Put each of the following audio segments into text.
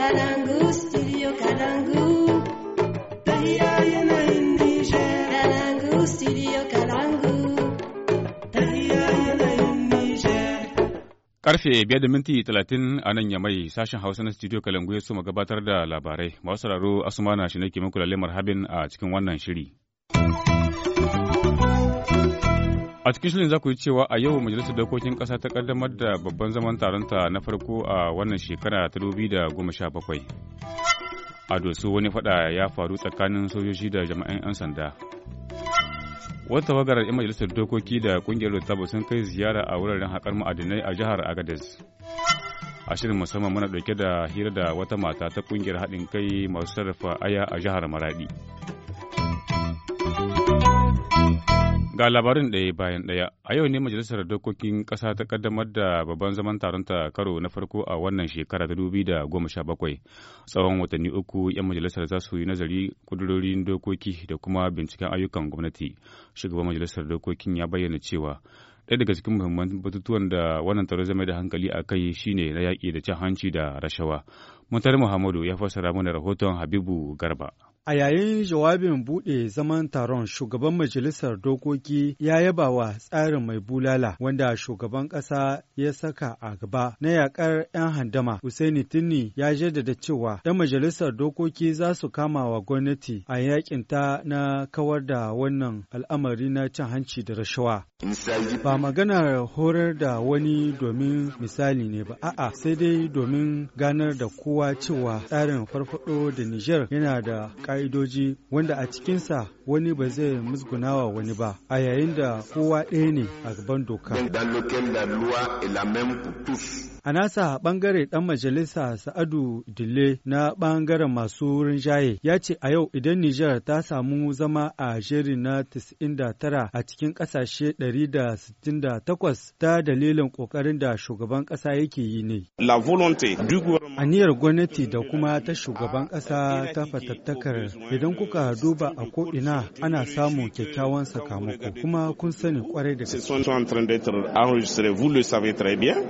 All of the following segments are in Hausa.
Kalangu, studio Kalangu. Karfe biyar da minti talatin a nan yamai sashen Hausa na studio Kalangu ya suma gabatar da labarai. Masu sauraro Asumana shi nake muku lalle marhabin a cikin wannan shiri. A cikin shirin za ku yi cewa a yau Majalisar Dokokin Ƙasa ta kaddamar da babban zaman taronta na farko a wannan shekara ta bakwai. A doso wani fada ya faru tsakanin sojoji da jama'an 'yan sanda. Wata tawagar 'yan majalisar dokoki da kungiyar Rotabu sun kai ziyara a wuraren haƙar ma'adinai a jihar Agadez. A shirin musamman muna dauke da hira da wata mata ta kungiyar haɗin kai masu sarrafa aya a jihar Maradi. Ga labarin ɗaya bayan ɗaya, a yau ne Majalisar Dokokin Ƙasa ta kaddamar da babban zaman taron ta karo na farko a wannan shekara ta dubi da goma sha bakwai. Tsawon watanni uku, 'yan majalisar za su yi nazari kudurorin dokoki da kuma binciken ayyukan gwamnati. Shugaban Majalisar Dokokin ya bayyana cewa ɗaya daga cikin muhimman batutuwan da wannan taro zama da hankali a kai shine na yaƙi da cin hanci da rashawa. Muntar Muhammadu ya fassara mana rahoton Habibu Garba. A yayin jawabin buɗe zaman taron shugaban majalisar dokoki ya yaba wa tsarin mai bulala wanda shugaban ƙasa ya saka a gaba na yaƙar 'yan handama. Usaini Tinni ya jaddada cewa 'yan majalisar dokoki za su kama wa gwamnati a yakin ta na kawar da wannan al'amari na cin hanci da rashawa. Ba maganar horar da wani domin misali ne ba, a'a sai dai domin ganar da kowa cewa tsarin farfaɗo da Nijar yana da ƙa'idoji wanda a cikinsa wani ba zai musgunawa wani ba a yayin da kowa ɗaya ne a gaban doka. A nasa bangare ɗan majalisa Sa'adu Dille na bangaren masu rinjaye ya ce a yau idan Nijar ta samu zama a jeri na 99 a cikin ƙasashe 168 ta dalilin ƙoƙarin da shugaban ƙasa yake yi ne. Aniyar gwamnati da kuma ta shugaban ƙasa ta fatattakar idan kuka duba a ko'ina ana samun kyakkyawan sakamako kuma kun sani kwarai da gaske.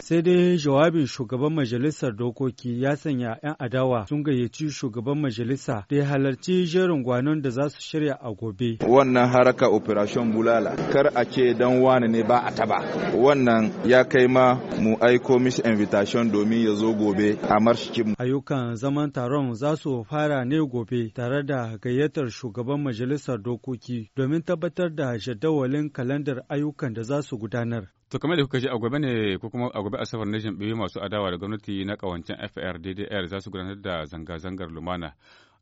Sai dai jawabin shugaban majalisar dokoki ya sanya 'yan adawa sun gayyaci shugaban majalisa da ya halarci jerin gwanon da za su shirya a gobe. Wannan haraka operation bulala kar a ce dan wani ne ba a taba. Wannan ya kai ma mu aiko mishi invitation domin ya zo gobe a marshikin. Ayyukan zaman taron za su fara ne gobe tare da gayyatar shugaban majalisar dokoki domin tabbatar da jadawalin kalandar ayyukan da za su gudanar. To kamar da kuka ji a gobe ne ko kuma a gobe asabar na jam'iyyu masu adawa da gwamnati na kawancen FRDDR za su gudanar da zanga-zangar lumana.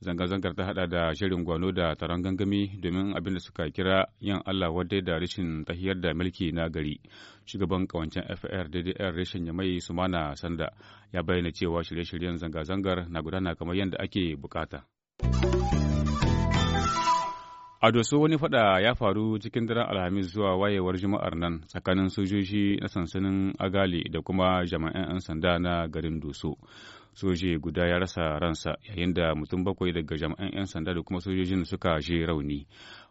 Zanga-zangar ta hada da shirin gwano da taron gangami domin abin da suka kira yin Allah wadai da rashin tahiyar da milki na gari. Shugaban kawancen FRDDR rashin ya mai Sumana Sanda ya bayyana cewa shirye-shiryen zanga-zangar na gudana kamar yadda ake bukata. A doso wani fada ya faru cikin daren Alhamis zuwa wayewar Juma'ar nan tsakanin sojoji na sansanin Agali da kuma jama'an 'yan sanda na garin Doso. Soje guda ya rasa ransa yayin da mutum bakwai daga jama'an 'yan sanda da kuma sojojin suka je rauni.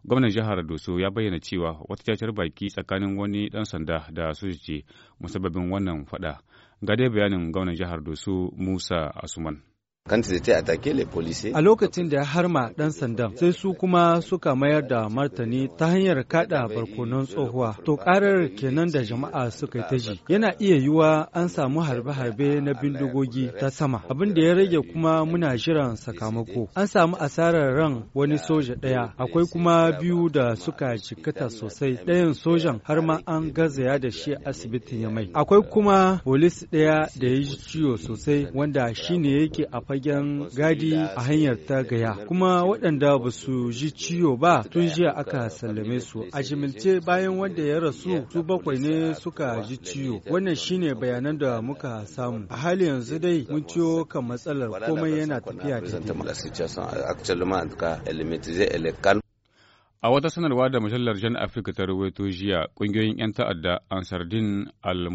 Gwamnan jihar Doso ya bayyana cewa wata cacar baki tsakanin wani dan sanda da sojoji musababin wannan fada. Ga dai bayanin gwamnan jihar Doso Musa Asuman. A lokacin da ya harma ɗan sandan sai su kuma suka mayar da martani ta hanyar kaɗa barkonon tsohuwa. To karar kenan da jama'a suka ta ji. Yana iya yiwuwa an samu harbe-harbe na bindigogi ta sama. Abin da ya rage kuma muna jiran sakamako. An samu asarar ran wani soja ɗaya. Akwai kuma biyu da suka jikkata sosai. Ɗayan sojan har ma an gazaya da shi asibitin ya mai. Akwai kuma polis ɗaya da ya ji ciwo sosai wanda shine yake a fagen gadi a hanyar ta gaya kuma waɗanda ba su ji ciwo ba tun jiya aka sallame su a jimilce bayan wanda ya rasu su bakwai ne suka ji ciwo wannan shine bayanan da muka samu a hali yanzu dai mun ciwo kan matsalar komai yana tafiya daidai A wata sanarwa da mujallar Jan Afirka ta rawaito jiya, ƙungiyoyin 'yan ta'adda Ansardin al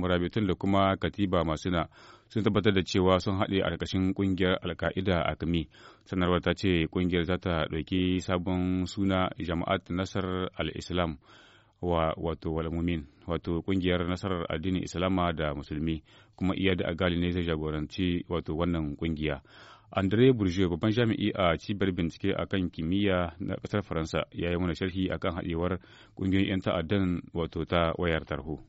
da kuma Katiba na. sun tabbatar da cewa sun haɗe a ƙarƙashin ƙungiyar alka'ida a kami sanarwar ta ce ƙungiyar za ta ɗauki sabon suna jama'at nasar al-islam wa wato walmumin wato ƙungiyar nasarar addinin islama da musulmi kuma iya da agali ne zai jagoranci wato wannan ƙungiya andre bourgeois babban jami'i a cibiyar bincike a kan kimiyya na ƙasar faransa ya yi mana sharhi akan haɗewar ƙungiyoyin 'yan ta'addan wato ta wayar tarho.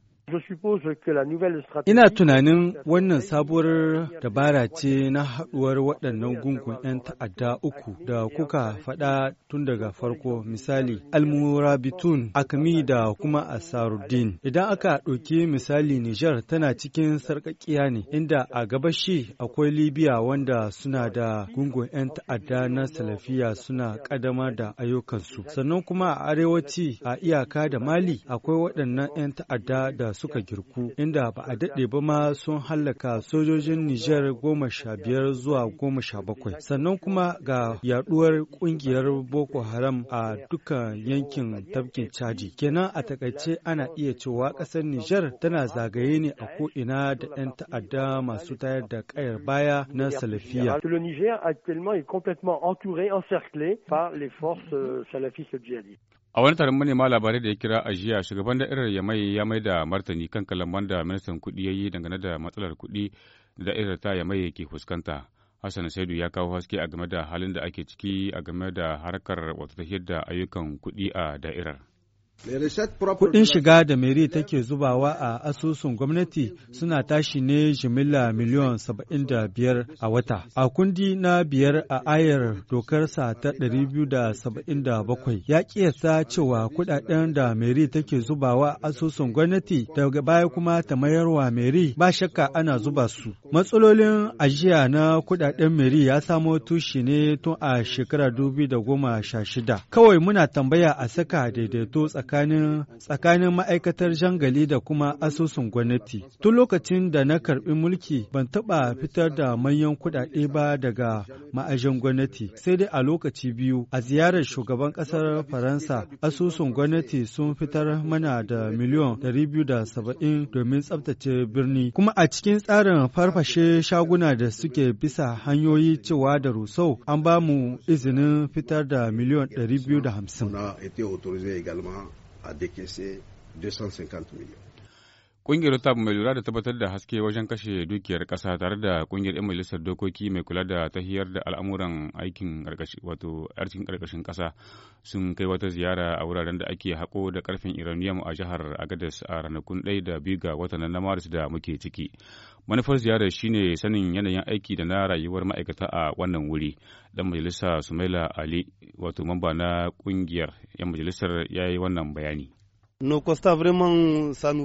Ina tunanin wannan sabuwar dabara ce na haɗuwar waɗannan gungun 'yan ta'adda uku da kuka faɗa tun daga farko misali almurabitun akami da kuma asarudin. Idan aka ɗauki misali Nijar tana cikin sarƙaƙiya ne inda a gabashi akwai Libya wanda suna da gungun 'yan ta'adda na salafiya suna ƙadama da ayyukansu. Sannan kuma a arewaci a iyaka da Mali akwai waɗannan 'yan ta'adda da suka girku inda ba a daɗe ba ma sun hallaka sojojin Nijar goma sha biyar zuwa goma sha bakwai. Sannan kuma ga yaɗuwar ƙungiyar Boko Haram a dukkan yankin tafkin Chadi. Kenan a takaice ana iya cewa ƙasar Nijar tana zagaye ne a ko ina da 'yan ta'adda masu tayar da ƙayar baya na salafiya. Le Niger actuellement est complètement entouré, encerclé par les forces euh, salafistes djihadistes. A wani taron manema labarai da ya kira a jiya shugaban da'irar ya mai ya mai da martani kan kalamman da ministan kuɗi ya yi dangane da matsalar kuɗi da da'irar ta ya mai ke fuskanta. Hassan Saidu ya kawo haske a game da halin da ake ciki a game da harkar wata tafiyar da ayyukan kuɗi a da'irar. Kudin shiga da Mary take zubawa a asusun gwamnati suna tashi ne jimilla miliyan 75 a wata. A kundi na biyar a ayar sa ta 277 ya kiyasta cewa kuɗaɗen da Mary take zubawa a asusun gwamnati daga baya kuma ta mayarwa Mary ba shakka ana zuba su. Matsalolin ajiya na kuɗaɗen Mary ya samo tushe ne tun a shekarar 2016. Kawai muna tambaya a saka daidaito tsakanin tsakanin tsakanin ma'aikatar jangali da kuma asusun gwamnati. Tun lokacin da na karbi mulki ban taba fitar da manyan kuɗaɗe ba daga ma'ajin gwamnati sai dai a lokaci biyu a ziyarar shugaban ƙasar Faransa asusun gwamnati sun fitar mana da miliyon 270 domin tsabtace birni kuma a cikin tsarin farfashe shaguna da suke bisa hanyoyi cewa da rusau an ba mu izinin fitar da miliyon 250. a décaissé 250 millions. Ƙungiyar ta mai lura da tabbatar da haske wajen kashe dukiyar kasa tare da kungiyar 'yan majalisar dokoki mai kula da tahiyar da al'amuran aikin wato arzikin ƙarƙashin ƙasa sun kai wata ziyara a wuraren da ake haƙo da karfin Iraniyam a jihar Agadez a ranakun 1 da 2 ga watan na Maris da muke ciki. manufar ziyarar shine sanin yanayin aiki da na rayuwar ma'aikata a wannan wuri dan majalisa sumaila ali wato mamba na kungiyar yan majalisar ya yi wannan bayani No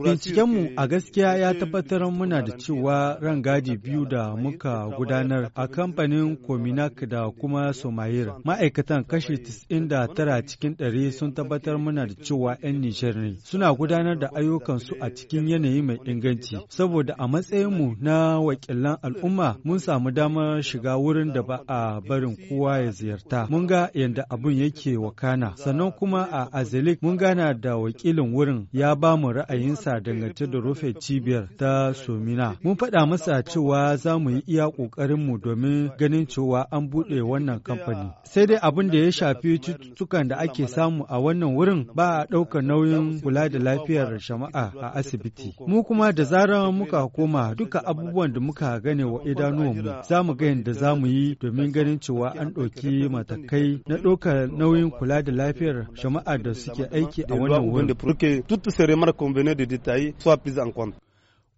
Bincikenmu a gaskiya ya tabbatar muna da cewa rangadi biyu da muka gudanar a kamfanin Kominak da kuma Somayir. Ma'aikatan kashi 99 cikin 100 sun tabbatar muna da cewa 'yan Nijar ne. Suna gudanar da ayyukansu a cikin yanayi mai inganci. Saboda a matsayin mu na wakilan al'umma mun samu damar shiga wurin da ba a barin kowa ya ziyarta. Mun ga yadda abun yake wakana. Sannan kuma a Azelik mun gana da wakilin kwamitin wurin ya ba mu ra'ayinsa dangance da rufe cibiyar ta Somina. Mun faɗa masa cewa za mu yi iya ƙoƙarinmu domin ganin cewa an buɗe wannan kamfani. Sai dai abin da ya shafi cututtukan da ake samu a wannan wurin ba a ɗaukar nauyin kula da lafiyar jama'a a asibiti. Mu kuma da zarar muka koma duka abubuwan da muka gane wa idanuwanmu za mu ga yadda za mu yi domin ganin cewa an ɗauki matakai na ɗaukar nauyin kula da lafiyar jama'a da suke aiki a wannan wurin. que toutes ces remarques qu'on venait de détailler soient prises en compte.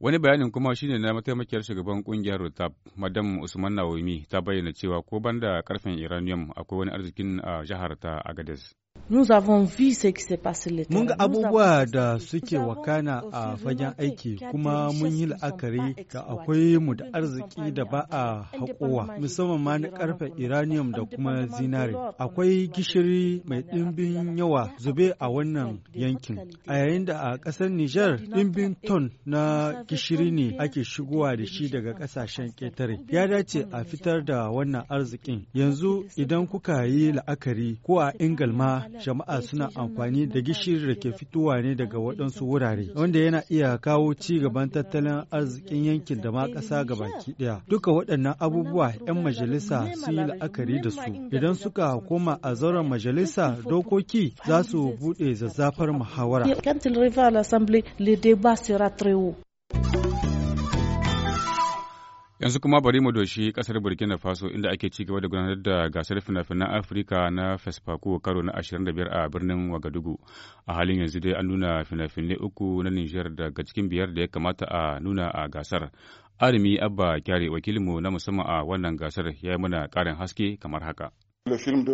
Wani bayanin kuma shine na mataimakiyar shugaban kungiyar Rotab, Madam Usman Naomi ta bayyana cewa ko banda karfen Iranium akwai wani arzikin a ah, jihar ta Agadez. Mun ga abubuwa da suke wakana a fagen aiki kuma mun yi la'akari da akwai mu da arziki da ba a haƙowa musamman ma na ƙarfe uranium da kuma zinare. Akwai gishiri mai ɗimbin yawa zube a wannan yankin. A yayin da a ƙasar Nijar ɗimbin ton na gishiri ne ake shigowa da shi daga ƙasashen ƙetare. Ya dace a fitar da wannan arzikin. Yanzu idan kuka yi la'akari ko a Ingal ma jama'a suna amfani da gishiri da ke fitowa ne daga waɗansu wurare wanda yana iya kawo ci gaban tattalin arzikin yankin da ma ƙasa ga baki ɗaya duka waɗannan abubuwa 'yan majalisa sun yi la'akari da su idan suka koma a zauren majalisa dokoki za su buɗe zazzafar muhawara Yanzu kuma bari mu doshi kasar Burkina Faso inda ake ci gaba da gudanar da gasar fina-finan Afirka na Fesfako karo na 25 a birnin Wagadugu. A halin yanzu dai an nuna fina-finai uku na niger daga cikin biyar da ya kamata a nuna a gasar. Arimi Abba Kyare wakilinmu na musamman a wannan gasar ya yi mana ƙarin haske kamar haka. Fim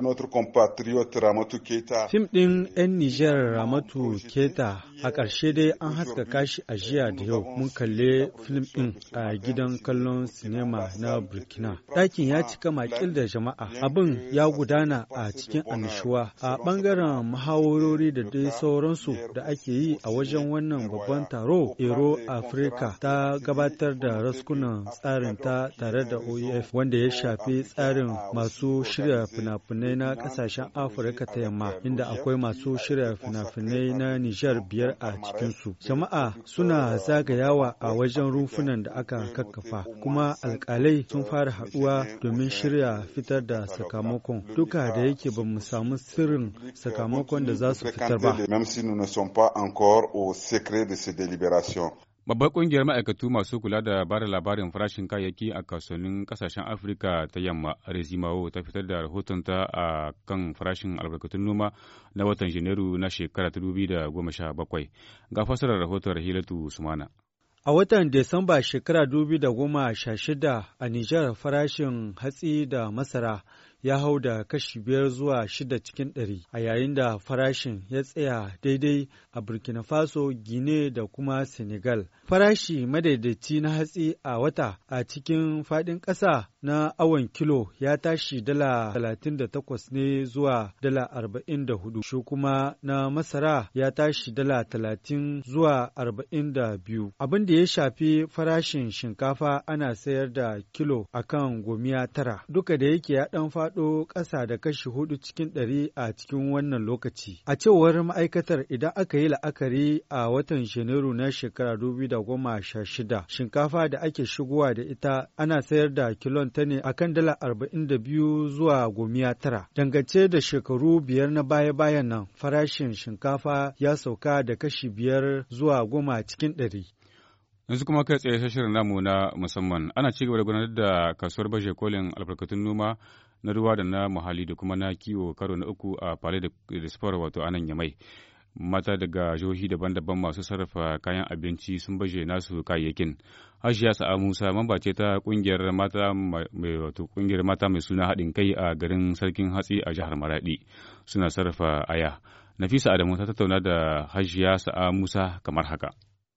ɗin 'yan Nijar Ramatu Keta a ƙarshe dai an haskaka shi a jiya da yau mun kalle fim ɗin a gidan kallon sinema na Burkina. Ɗakin ya cika makil da jama'a abin ya gudana a cikin annishuwa a ɓangaren muhawarori da dai sauransu da ake yi a wajen wannan babban taro Ero Africa ta gabatar da raskunan tsarin ta tare da OEF wanda ya shafi tsarin masu shirya fina-finai na kasashen Afirka ta yamma inda akwai masu shirya fina-finai na Nijar biyar a cikinsu. Jama'a suna zagayawa a wajen rufunan da aka kakkafa kuma alkalai sun fara haɗuwa domin shirya fitar da sakamakon. Duka da yake ba mu samu sirrin sakamakon da za su fitar ba. Babbar kungiyar ma'aikatu masu kula da ba labarin farashin kayayyaki a kasuwannin kasashen Afirka ta yamma Rezimawo ta fitar da rahotonta a kan farashin albarkatun noma na watan Janairu na shekara ta 2017. Ga fasarar rahoton Rahilatu Sumana. A watan desamba shekara 2016 a Nijar farashin hatsi da masara ya hau da kashi biyar zuwa shida cikin ɗari a yayin da farashin ya tsaya daidai a burkina faso guinea da kuma senegal farashi madaidaici na hatsi a wata a cikin faɗin ƙasa na awon kilo ya tashi dala 38 ne zuwa dala 44 shi kuma na masara ya tashi dala 30 zuwa 42 abin da ya shafi farashin shinkafa ana sayar da kilo a kan gomiya tara duka da yake ya dan fado ƙasa da kashi hudu cikin ɗari a cikin wannan lokaci a cewar ma'aikatar idan aka yi la'akari a watan janairu na shekara 2016 shinkafa da ake shigowa da ita ana sayar da kilon ta ne akan dala arba'in biyu zuwa gomiya tara. Dangance da shekaru biyar na baya-bayan nan farashin shinkafa ya sauka da kashi biyar zuwa goma cikin ɗari. yanzu kuma kai tsaye shirin namu na musamman ana ci gaba da gudanar da kasuwar baje kolin albarkatun noma na ruwa da na muhalli da kuma na kiwo karo na uku a fale da sport wato anan yamai mata daga jihohi daban-daban masu sarrafa kayan abinci sun baje nasu kayayyakin. Hajiya Sa'a Musa mamba ce ta kungiyar mata mai wato kungiyar mata mai suna haɗin kai a garin Sarkin Hatsi a jihar maraɗi suna sarrafa aya. Nafisa Adamu ta tattauna da Hajiya Sa'a Musa kamar haka.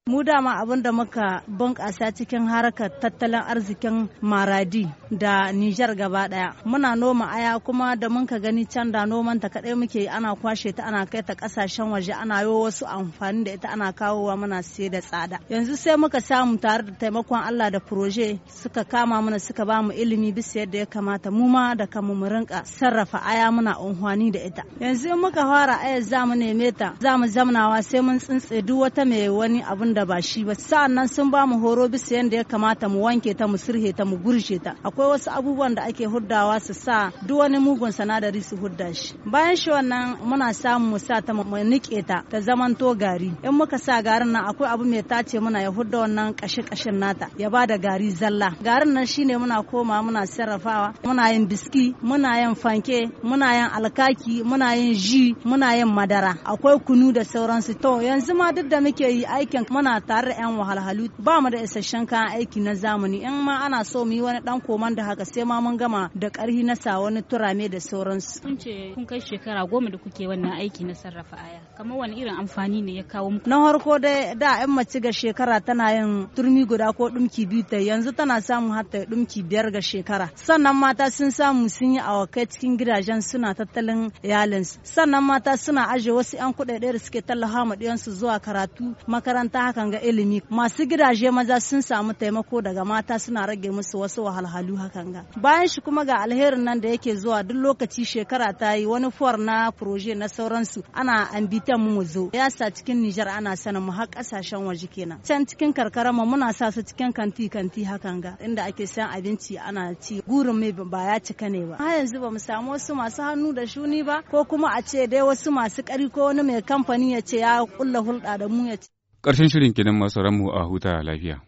Mu dama abin da muka bunƙasa cikin harkar tattalin arzikin maradi da Nijar gaba ɗaya. Muna noma aya kuma da mun ka gani can da noman ta kaɗai muke ana kwashe ta ana kai ta kasashen waje ana yi wasu amfani da ita ana kawowa muna sai da tsada. Yanzu sai muka samu tare da taimakon Allah da proje suka kama mana suka ba mu ilimi bisa yadda ya kamata mu ma da kamu mu rinka sarrafa aya muna amfani da ita. Yanzu in muka fara aya za mu neme ta za mu zamnawa sai mun tsintse duk wata mai wani abun da ba shi ba sa'annan sun ba mu horo bisa yadda ya kamata mu wanke ta mu sirhe ta mu gurshe ta akwai wasu abubuwan da ake huddawa su sa duk wani mugun sanadari su hudda shi bayan shi wannan muna samu mu sa ta mu nike ta ta zamanto gari in muka sa garin nan akwai abu mai tace muna ya hudda wannan kashe kashin nata ya ba da gari zalla garin nan shine muna koma muna sarrafawa muna yin biski muna yin fanke muna yin alkaki muna yin ji muna yin madara akwai kunu da sauransu to yanzu ma duk da muke yi aikin muna tare da 'yan wahalhalu ba mu da isasshen kayan aiki na zamani in ma ana so mu yi wani dan koman da haka sai ma mun gama da karhi na sa wani turame da sauransu. Kun ce kun kai shekara goma da kuke wannan aiki na sarrafa aya kamar wani irin amfani ne ya kawo muku. Na farko dai da 'yan mace ga shekara tana yin turmi guda ko dumki biyu ta yanzu tana samun ta dumki biyar ga shekara sannan mata sun samu sun yi awakai cikin gidajen suna tattalin iyalinsu sannan mata suna aje wasu 'yan kuɗaɗe da suke tallafa ma zuwa karatu makaranta hakan ga ilimi masu gidaje maza sun samu taimako daga mata suna rage musu wasu wahalhalu hakan ga bayan shi kuma ga alherin nan da yake zuwa duk lokaci shekara ta yi wani for na proje na sauransu ana ambitan mu zo ya sa cikin Nijar ana sanin mu har kasashen waje kenan can cikin karkara mu muna sa su cikin kanti kanti hakan ga inda ake sayan abinci ana ci gurin mai ba ya cika ne ba har yanzu ba mu samu wasu masu hannu da shuni ba ko kuma a ce dai wasu masu kari ko wani mai kamfani ya ce ya kulla hulɗa da mu ya ce Ƙarshen shirin kenan masu ramu a huta lafiya.